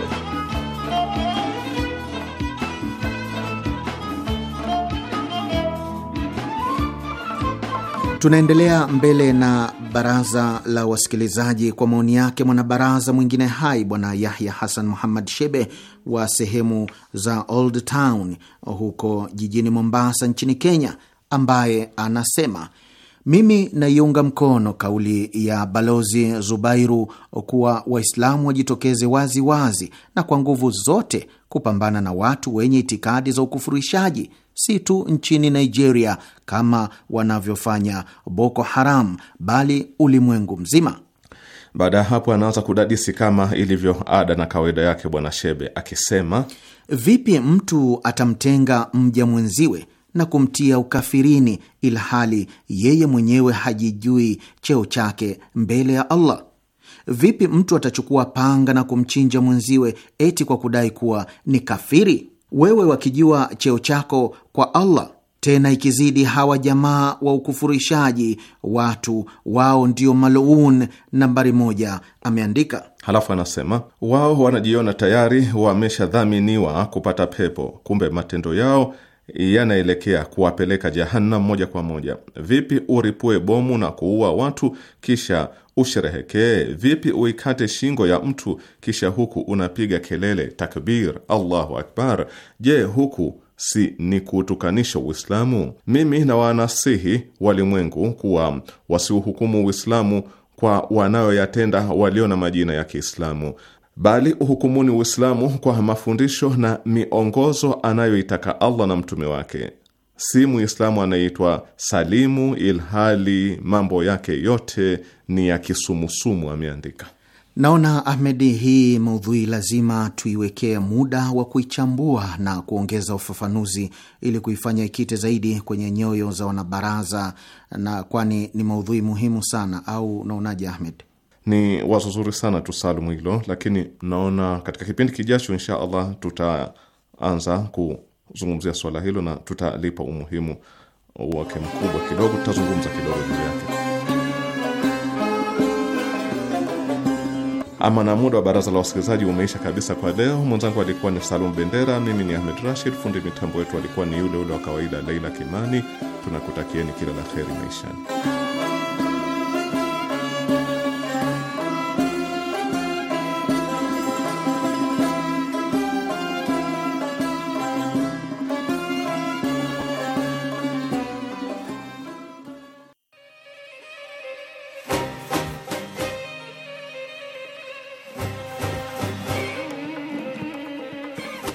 Tunaendelea mbele na baraza la wasikilizaji kwa maoni yake mwanabaraza mwingine hai Bwana Yahya Hassan Muhammad Shebe wa sehemu za Old Town huko jijini Mombasa nchini Kenya, ambaye anasema mimi naiunga mkono kauli ya Balozi Zubairu kuwa Waislamu wajitokeze waziwazi na kwa nguvu zote kupambana na watu wenye itikadi za ukufurishaji si tu nchini Nigeria kama wanavyofanya Boko Haram, bali ulimwengu mzima. Baada ya hapo anaanza kudadisi kama ilivyo ada na kawaida yake Bwana Shebe akisema, vipi mtu atamtenga mja mwenziwe na kumtia ukafirini, ilhali yeye mwenyewe hajijui cheo chake mbele ya Allah? Vipi mtu atachukua panga na kumchinja mwenziwe eti kwa kudai kuwa ni kafiri? wewe wakijua cheo chako kwa Allah tena ikizidi hawa jamaa wa ukufurishaji watu wao ndio maluun nambari moja, ameandika. Halafu anasema wao wanajiona tayari wameshadhaminiwa kupata pepo, kumbe matendo yao yanaelekea kuwapeleka jahannam moja kwa moja. Vipi uripue bomu na kuua watu kisha usherehekee vipi? Uikate shingo ya mtu kisha huku unapiga kelele takbir, Allahu akbar? Je, huku si ni kuutukanisha Uislamu? Mimi na wanasihi walimwengu kuwa wasiuhukumu Uislamu kwa wanayoyatenda walio na majina ya Kiislamu, bali uhukumuni Uislamu kwa mafundisho na miongozo anayoitaka Allah na mtume wake si Muislamu anaitwa Salimu ilhali mambo yake yote ni ya kisumusumu, ameandika. Naona Ahmedi, hii maudhui lazima tuiwekee muda wa kuichambua na kuongeza ufafanuzi ili kuifanya ikite zaidi kwenye nyoyo za wanabaraza, na kwani ni maudhui muhimu sana, au unaonaje Ahmed? Ni wazo zuri sana tusalumu hilo, lakini naona katika kipindi kijacho, insha Allah tutaanza ku kuzungumzia swala hilo na tutalipa umuhimu wake mkubwa kidogo, tutazungumza kidogo juu yake. Ama na muda wa baraza la wasikilizaji umeisha kabisa kwa leo. Mwenzangu alikuwa ni Salum Bendera, mimi ni Ahmed Rashid, fundi mitambo wetu alikuwa ni yule ule wa kawaida Leila Kimani. Tunakutakieni kila la heri maishani.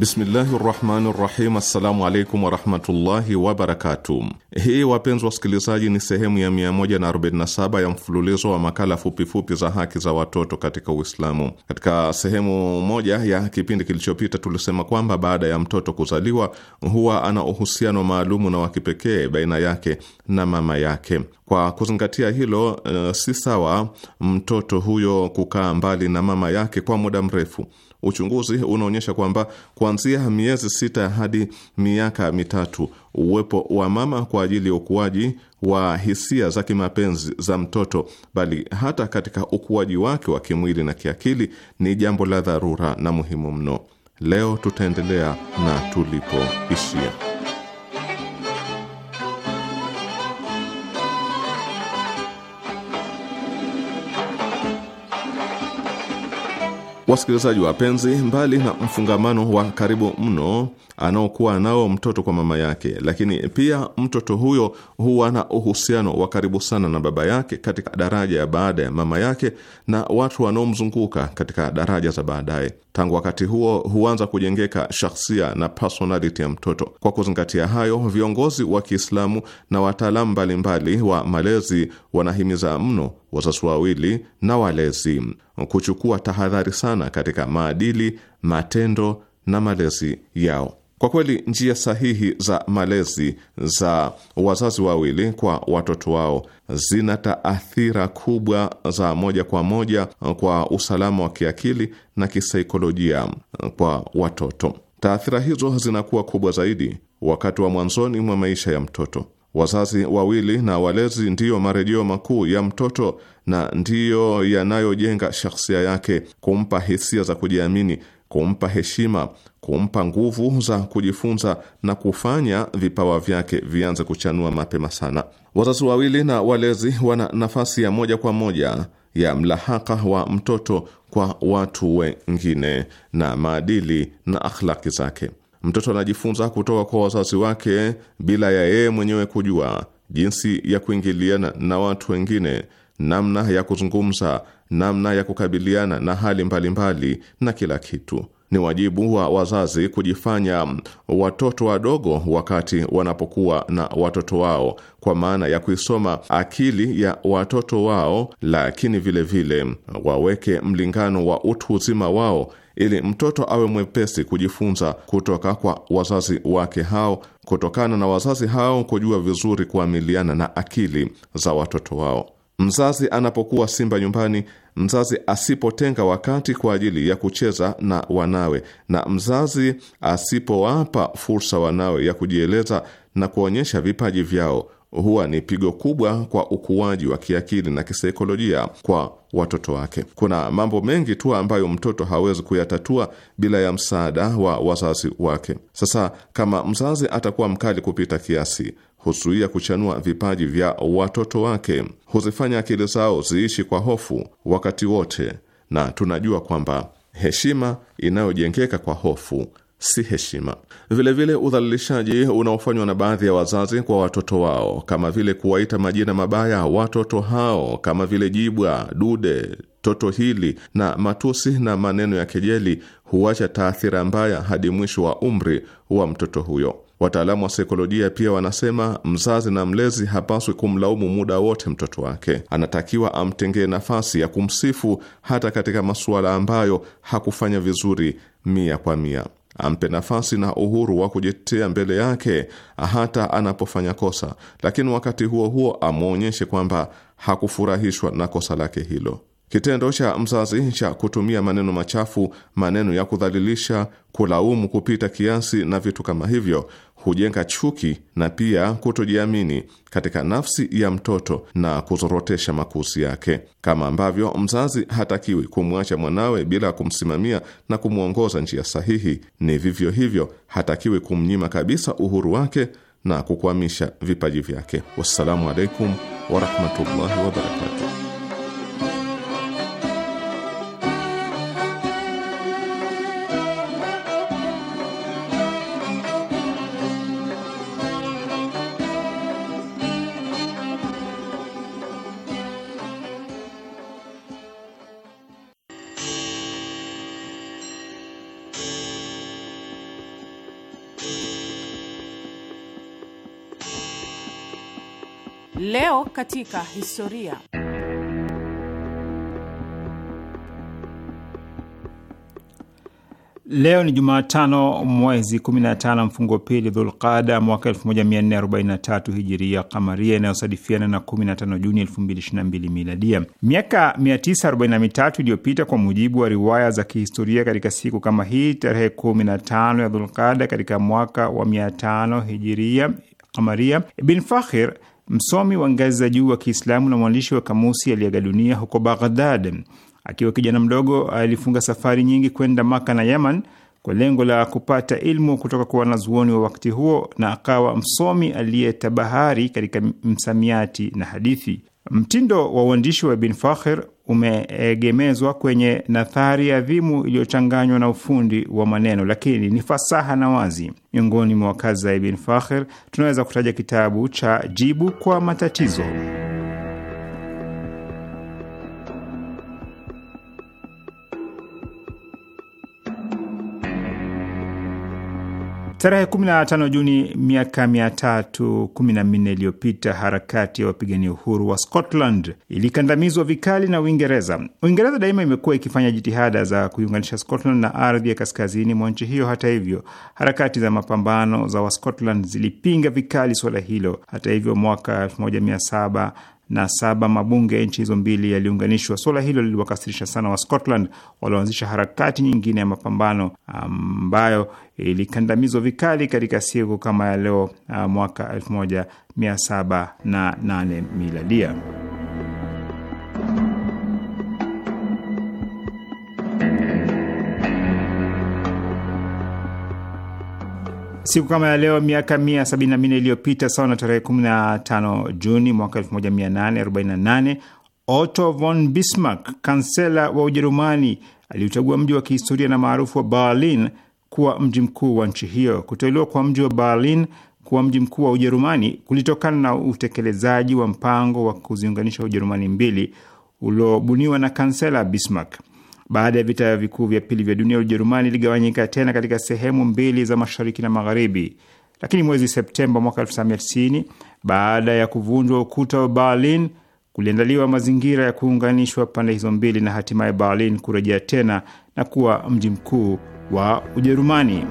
Bismillahi rahmani rahim. Assalamu alaikum warahmatullahi wabarakatuh. Hii wapenzi wasikilizaji, ni sehemu ya 147 ya mfululizo wa makala fupifupi fupi za haki za watoto katika Uislamu. Katika sehemu moja ya kipindi kilichopita, tulisema kwamba baada ya mtoto kuzaliwa huwa ana uhusiano maalumu na wa kipekee baina yake na mama yake. Kwa kuzingatia hilo, uh, si sawa mtoto huyo kukaa mbali na mama yake kwa muda mrefu Uchunguzi unaonyesha kwamba kuanzia miezi sita hadi miaka mitatu, uwepo wa mama kwa ajili ya ukuaji wa hisia za kimapenzi za mtoto, bali hata katika ukuaji wake wa kimwili na kiakili, ni jambo la dharura na muhimu mno. Leo tutaendelea na tulipoishia. Wasikilizaji wapenzi, mbali na mfungamano wa karibu mno anaokuwa nao mtoto kwa mama yake, lakini pia mtoto huyo huwa na uhusiano wa karibu sana na baba yake katika daraja ya baada ya mama yake na watu wanaomzunguka katika daraja za baadaye. Tangu wakati huo huanza kujengeka shakhsia na personality ya mtoto. Kwa kuzingatia hayo, viongozi wa Kiislamu na wataalamu mbalimbali wa malezi wanahimiza mno wazazi wawili na walezi kuchukua tahadhari sana katika maadili, matendo na malezi yao. Kwa kweli njia sahihi za malezi za wazazi wawili kwa watoto wao zina taathira kubwa za moja kwa moja kwa usalama wa kiakili na kisaikolojia kwa watoto. Taathira hizo zinakuwa kubwa zaidi wakati wa mwanzoni mwa maisha ya mtoto. Wazazi wawili na walezi ndiyo marejeo makuu ya mtoto na ndiyo yanayojenga shakhsia yake, kumpa hisia za kujiamini kumpa heshima, kumpa nguvu za kujifunza na kufanya vipawa vyake vianze kuchanua mapema sana. Wazazi wawili na walezi wana nafasi ya moja kwa moja ya mlahaka wa mtoto kwa watu wengine na maadili na akhlaki zake. Mtoto anajifunza kutoka kwa wazazi wake bila ya yeye mwenyewe kujua, jinsi ya kuingiliana na watu wengine, namna ya kuzungumza namna ya kukabiliana na hali mbalimbali mbali na kila kitu. Ni wajibu wa wazazi kujifanya watoto wadogo wakati wanapokuwa na watoto wao, kwa maana ya kuisoma akili ya watoto wao, lakini vilevile vile, waweke mlingano wa utu uzima wao ili mtoto awe mwepesi kujifunza kutoka kwa wazazi wake hao, kutokana na wazazi hao kujua vizuri kuamiliana na akili za watoto wao. Mzazi anapokuwa simba nyumbani, mzazi asipotenga wakati kwa ajili ya kucheza na wanawe, na mzazi asipowapa fursa wanawe ya kujieleza na kuonyesha vipaji vyao, huwa ni pigo kubwa kwa ukuaji wa kiakili na kisaikolojia kwa watoto wake. Kuna mambo mengi tu ambayo mtoto hawezi kuyatatua bila ya msaada wa wazazi wake. Sasa kama mzazi atakuwa mkali kupita kiasi huzuia kuchanua vipaji vya watoto wake, huzifanya akili zao ziishi kwa hofu wakati wote, na tunajua kwamba heshima inayojengeka kwa hofu si heshima. Vilevile, udhalilishaji unaofanywa na baadhi ya wazazi kwa watoto wao, kama vile kuwaita majina mabaya watoto hao kama vile jibwa, dude, toto hili na matusi na maneno ya kejeli, huacha taathira mbaya hadi mwisho wa umri wa mtoto huyo. Wataalamu wa saikolojia pia wanasema mzazi na mlezi hapaswi kumlaumu muda wote mtoto wake. Anatakiwa amtengee nafasi ya kumsifu hata katika masuala ambayo hakufanya vizuri mia kwa mia. Ampe nafasi na uhuru wa kujitetea mbele yake hata anapofanya kosa, lakini wakati huo huo amwonyeshe kwamba hakufurahishwa na kosa lake hilo. Kitendo cha mzazi cha kutumia maneno machafu, maneno ya kudhalilisha, kulaumu kupita kiasi na vitu kama hivyo hujenga chuki na pia kutojiamini katika nafsi ya mtoto na kuzorotesha makuzi yake. Kama ambavyo mzazi hatakiwi kumwacha mwanawe bila kumsimamia na kumwongoza njia sahihi, ni vivyo hivyo hatakiwi kumnyima kabisa uhuru wake na kukwamisha vipaji vyake. Wassalamu alaikum warahmatullahi wabarakatuh. Leo katika historia. Leo ni Jumatano, mwezi 15 mfungo pili Dhulqada mwaka 1443 hijiria kamaria, inayosadifiana na 15 Juni 2022 miladia. Miaka 943 iliyopita, kwa mujibu wa riwaya za kihistoria, katika siku kama hii tarehe 15 ya Dhulqada katika mwaka wa 500 hijiria kamaria, Ibn Fakhir msomi wa ngazi za juu wa Kiislamu na mwandishi wa kamusi aliaga dunia huko Baghdad. Akiwa kijana mdogo, alifunga safari nyingi kwenda Maka na Yaman kwa lengo la kupata ilmu kutoka kwa wanazuoni wa wakati huo, na akawa msomi aliyetabahari katika msamiati na hadithi. Mtindo wa uandishi wa Ibn Fakhir umeegemezwa kwenye nathari ya vimu iliyochanganywa na ufundi wa maneno, lakini ni fasaha na wazi. Miongoni mwa kazi za Ibn Fakhr tunaweza kutaja kitabu cha Jibu kwa Matatizo. Tarehe 15 Juni miaka 314 iliyopita harakati ya wapigania uhuru wa Scotland ilikandamizwa vikali na Uingereza. Uingereza daima imekuwa ikifanya jitihada za kuiunganisha Scotland na ardhi ya kaskazini mwa nchi hiyo. Hata hivyo, harakati za mapambano za Wascotland zilipinga vikali suala hilo. Hata hivyo, mwaka 1700 na saba mabunge ya nchi hizo mbili yaliunganishwa. Suala hilo liliwakasirisha sana Wascotland walioanzisha harakati nyingine ya mapambano ambayo ilikandamizwa vikali katika siku kama ya leo ah, mwaka 1708 miladia. Siku kama ya leo miaka 174 iliyopita, sawa na tarehe 15 Juni mwaka 1848, Otto von Bismarck, kansela wa Ujerumani, aliuchagua mji wa kihistoria na maarufu wa Berlin kuwa mji mkuu wa nchi hiyo. Kuteuliwa kwa mji wa Berlin kuwa mji mkuu wa Ujerumani kulitokana na utekelezaji wa mpango wa kuziunganisha Ujerumani mbili uliobuniwa na kansela Bismarck. Baada ya vita vikuu vya pili vya dunia, Ujerumani iligawanyika tena katika sehemu mbili za mashariki na magharibi, lakini mwezi Septemba mwaka 1990 baada ya kuvunjwa ukuta wa Berlin kuliandaliwa mazingira ya kuunganishwa pande hizo mbili na hatimaye Berlin kurejea tena na kuwa mji mkuu wa Ujerumani.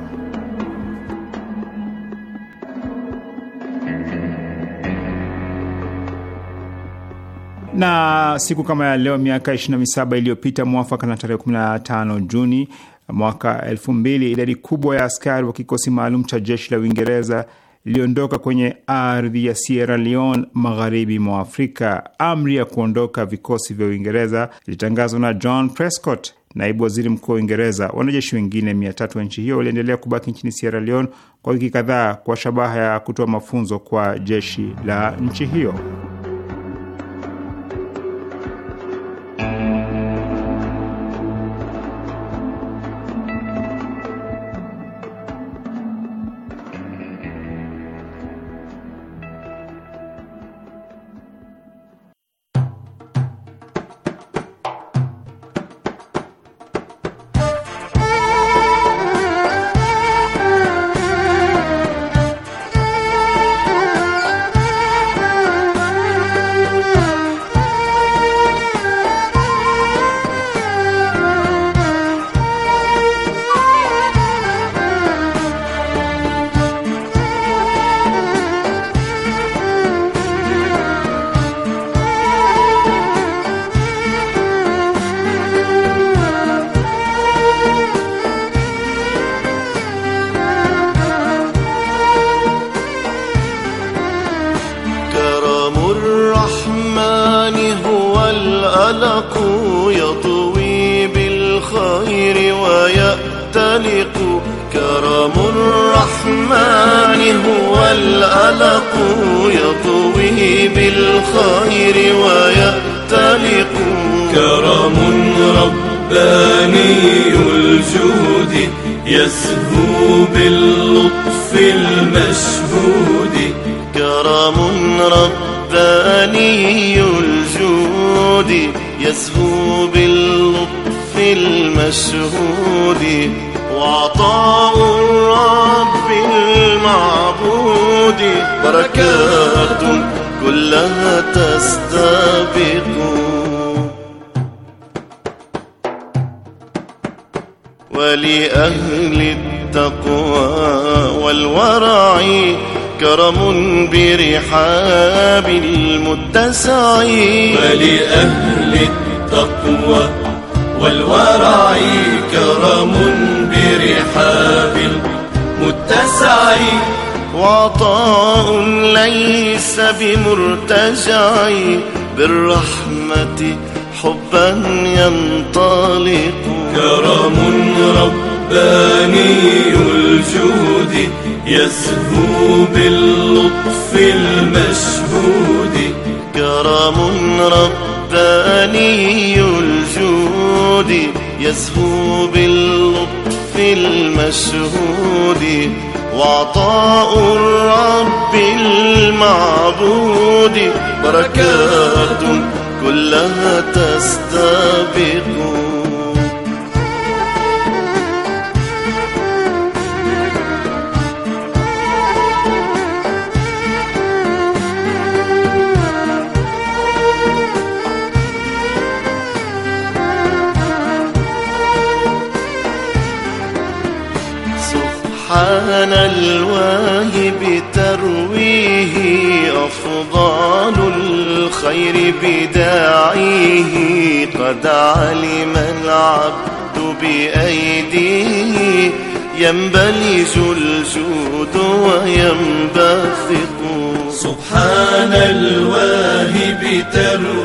Na siku kama ya leo miaka 27 iliyopita, mwafaka na tarehe 15 Juni mwaka 2000, idadi kubwa ya askari wa kikosi maalum cha jeshi la Uingereza liliondoka kwenye ardhi ya Sierra Leone magharibi mwa Afrika. Amri ya kuondoka vikosi vya Uingereza ilitangazwa na John Prescott, naibu waziri mkuu wa Uingereza. Wanajeshi wengine mia tatu wa nchi hiyo waliendelea kubaki nchini Sierra Leone kwa wiki kadhaa kwa shabaha ya kutoa mafunzo kwa jeshi la nchi hiyo. الفلق يطوي بالخير ويأتلق كرم الرحمن هو الألق يطوي بالخير ويأتلق كرم رباني الجود يسهو باللطف المشهود كرم رباني ثاني الجود يزهو باللطف المشهود وعطاء الرب المعبود بركات كلها تستبق ولأهل الدنيا التقوى والورع كرم برحاب المتسع فلأهل التقوى والورع كرم برحاب المتسع وعطاء ليس بمرتجع بالرحمة حبا ينطلق كرم رب رباني الجود يسهو باللطف المشهود كرم رباني الجود يسهو باللطف المشهود وعطاء الرب المعبود بركات كلها تستبقون معنى الواهب ترويه أفضال الخير بداعيه قد علم العبد بأيديه ينبلج الجود وينبثق سبحان الواهب ترويه